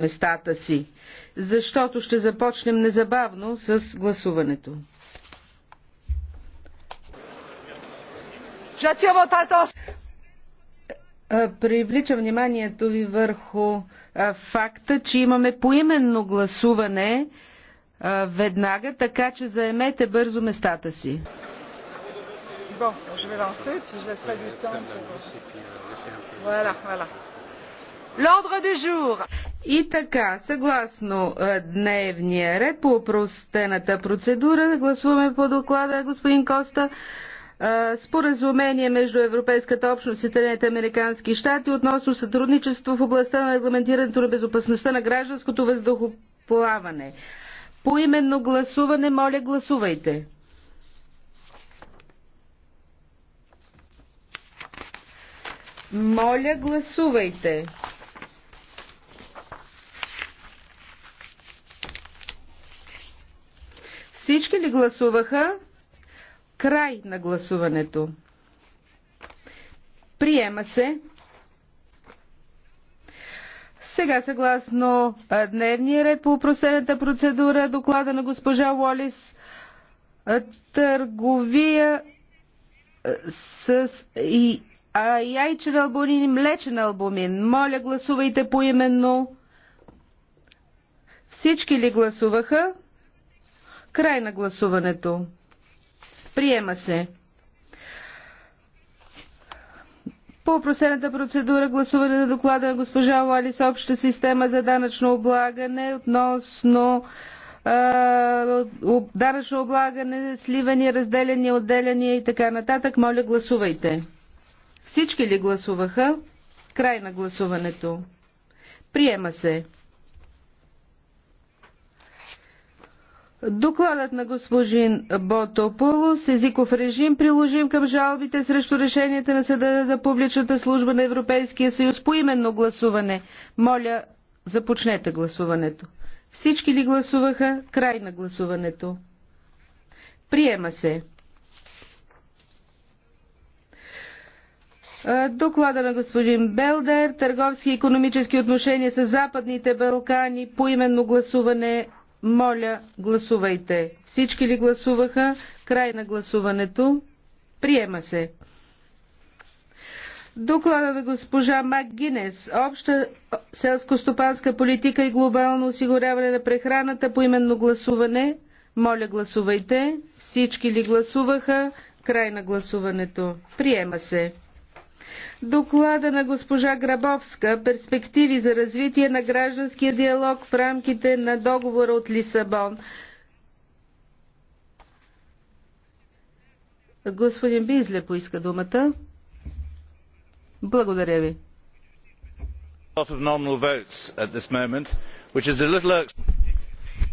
местата си, защото ще започнем незабавно с гласуването. Привлича вниманието ви върху факта, че имаме поименно гласуване веднага, така че заемете бързо местата си. Bon, je vais lancer, puis je laisserai du temps pour... Voilà, voilà. L'ordre du jour. И така, съгласно е, дневния ред по упростената процедура, гласуваме по доклада господин Коста е, споразумение между Европейската общност и Съединените американски щати относно сътрудничество в областта на регламентирането на безопасността на гражданското въздухоплаване. По именно гласуване, моля, гласувайте. Моля, гласувайте. Всички ли гласуваха? Край на гласуването. Приема се. Сега съгласно дневния ред по упростената процедура, доклада на госпожа Уолис, търговия с и, а, яйчен албумин и млечен албумин. Моля, гласувайте поименно. Всички ли гласуваха? Край на гласуването. Приема се. По просената процедура гласуване на доклада на госпожа Уалис Обща система за данъчно облагане относно данъчно облагане, сливане, разделяне, отделяне и така нататък. Моля, гласувайте. Всички ли гласуваха? Край на гласуването. Приема се. Докладът на господин Ботополос, езиков режим, приложим към жалбите срещу решенията на Съда за публичната служба на Европейския съюз по именно гласуване. Моля, започнете гласуването. Всички ли гласуваха? Край на гласуването. Приема се. Доклада на господин Белдер, търговски и економически отношения с Западните Балкани, по именно гласуване моля, гласувайте. Всички ли гласуваха? Край на гласуването. Приема се. Доклада на госпожа Макгинес. Обща селско-стопанска политика и глобално осигуряване на прехраната по именно гласуване. Моля, гласувайте. Всички ли гласуваха? Край на гласуването. Приема се. Доклада на госпожа Грабовска Перспективи за развитие на гражданския диалог в рамките на договора от Лисабон. Господин Бизле поиска думата. Благодаря ви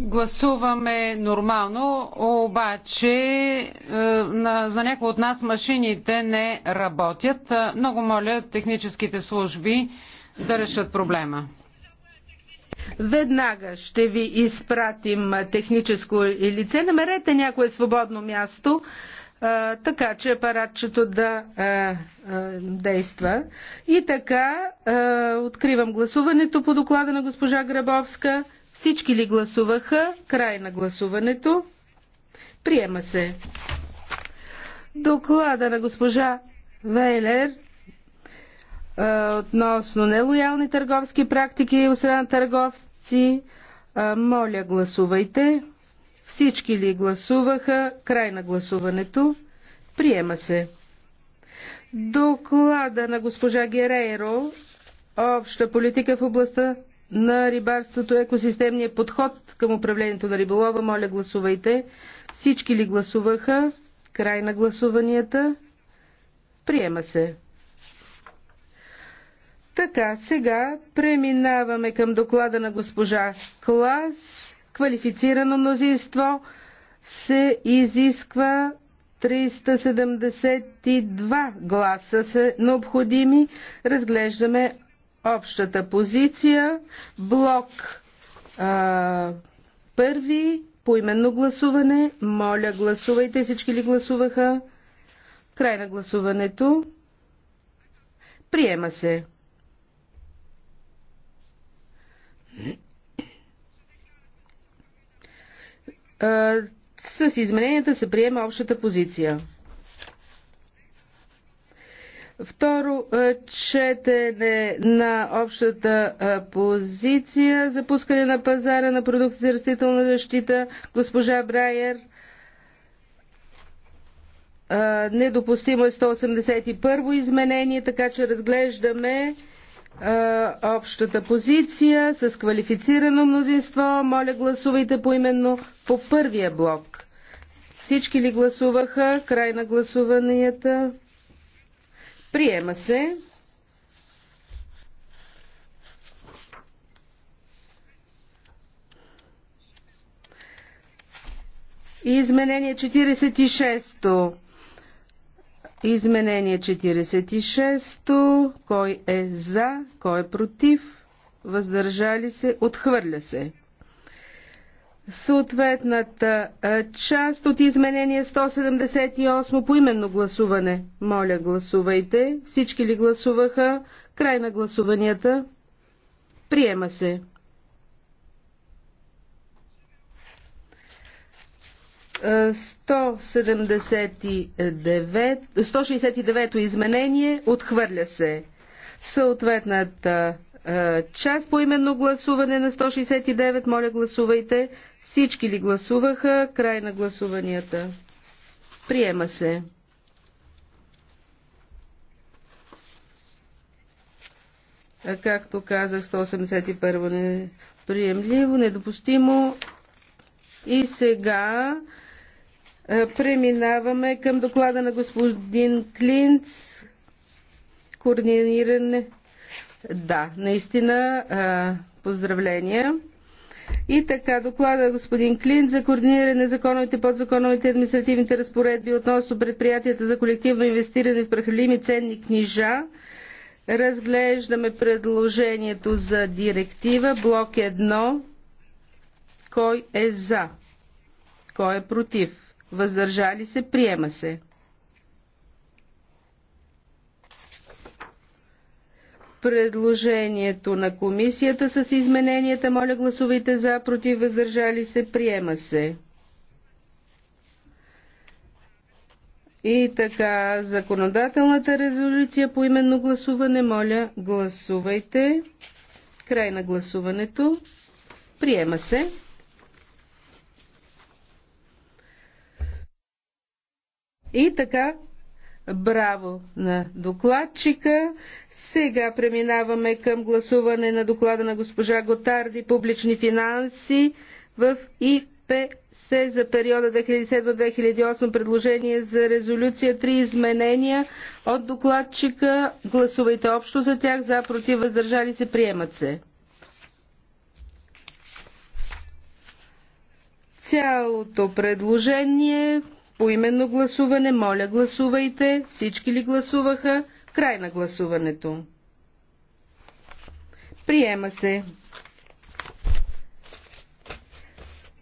гласуваме нормално, обаче е, за някои от нас машините не работят. Е, много моля техническите служби да решат проблема. Веднага ще ви изпратим техническо лице. Намерете някое свободно място, е, така че апаратчето да действа. И така, откривам гласуването по доклада на госпожа Грабовска. Всички ли гласуваха? Край на гласуването. Приема се. Доклада на госпожа Вейлер относно нелоялни търговски практики от страна търговци. Моля, гласувайте. Всички ли гласуваха? Край на гласуването. Приема се. Доклада на госпожа Герейро. Обща политика в областта на рибарството екосистемния подход към управлението на риболова. Моля, гласувайте. Всички ли гласуваха? Край на гласуванията. Приема се. Така, сега преминаваме към доклада на госпожа Клас. Квалифицирано мнозинство се изисква 372 гласа са необходими. Разглеждаме общата позиция, блок а, първи, поименно гласуване. Моля, гласувайте. Всички ли гласуваха? Край на гласуването. Приема се. А, с измененията се приема общата позиция. Второ четене на общата позиция за пускане на пазара на продукти за растителна защита. Госпожа Брайер. Недопустимо е 181 изменение, така че разглеждаме общата позиция с квалифицирано мнозинство. Моля, гласувайте поименно по първия блок. Всички ли гласуваха? Край на гласуванията. Приема се. Изменение 46-то. Изменение 46-то. Кой е за, кой е против, въздържали се, отхвърля се съответната част от изменение 178 по именно гласуване. Моля, гласувайте. Всички ли гласуваха? Край на гласуванията. Приема се. Uh, 169, 169 изменение отхвърля се. Съответната е, част по именно гласуване на 169. Моля, гласувайте. Всички ли гласуваха? Край на гласуванията. Приема се. Е, както казах, 181 не приемливо, недопустимо. И сега е, преминаваме към доклада на господин Клинц. Координиране да, наистина поздравления. И така, доклада господин Клин за координиране на законовите, подзаконовите административните разпоредби относно предприятията за колективно инвестиране в прахалими ценни книжа. Разглеждаме предложението за директива, блок 1. Кой е за? Кой е против? Въздържали се? Приема се. предложението на комисията с измененията. Моля гласувайте за, против, въздържали се, приема се. И така, законодателната резолюция по именно гласуване, моля, гласувайте. Край на гласуването. Приема се. И така, Браво на докладчика. Сега преминаваме към гласуване на доклада на госпожа Готарди публични финанси в ИПС за периода 2007-2008 предложение за резолюция три изменения от докладчика. Гласувайте общо за тях, за против въздържали се, приемат се. Цялото предложение Поименно гласуване, моля гласувайте. Всички ли гласуваха? Край на гласуването. Приема се.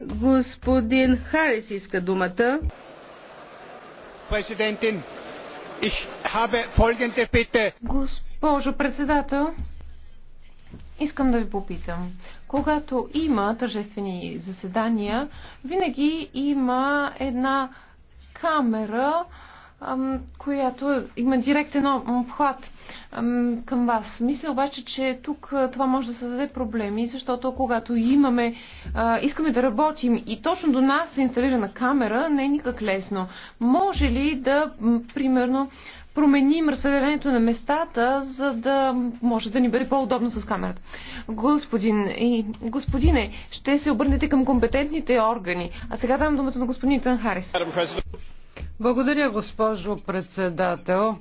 Господин Харис иска думата. Президентин, ich habe folgende bitte. Госпожо председател, искам да ви попитам. Когато има тържествени заседания, винаги има една камера, която има директен обхват към вас. Мисля обаче, че тук това може да създаде проблеми, защото когато имаме, искаме да работим и точно до нас е инсталирана камера, не е никак лесно. Може ли да, примерно, променим разпределението на местата, за да може да ни бъде по-удобно с камерата. Господин и господине, ще се обърнете към компетентните органи. А сега дам думата на господин Тан Харис. Благодаря, госпожо председател.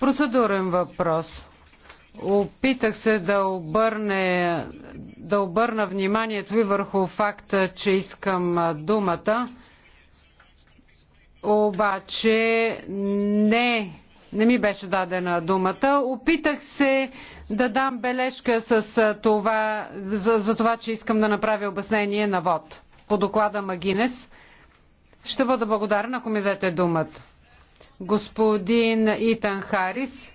Процедурен въпрос. Опитах се да, обърне, да обърна вниманието ви върху факта, че искам думата, обаче не, не ми беше дадена думата. Опитах се да дам бележка с това, за, за това, че искам да направя обяснение на ВОД по доклада Магинес. Ще бъда благодарна, ако ми дадете думата. Господин Итан Харис,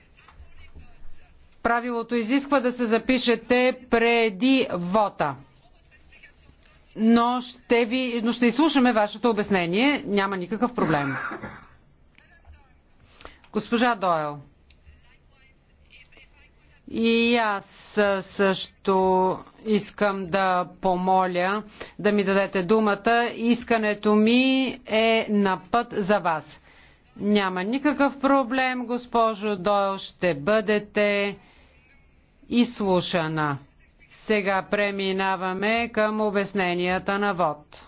правилото изисква да се запишете преди вота. Но ще, ви, но ще изслушаме вашето обяснение. Няма никакъв проблем. Госпожа Дойл. И аз също искам да помоля да ми дадете думата. Искането ми е на път за вас. Няма никакъв проблем, госпожо Дойл, ще бъдете изслушана. Сега преминаваме към обясненията на ВОД.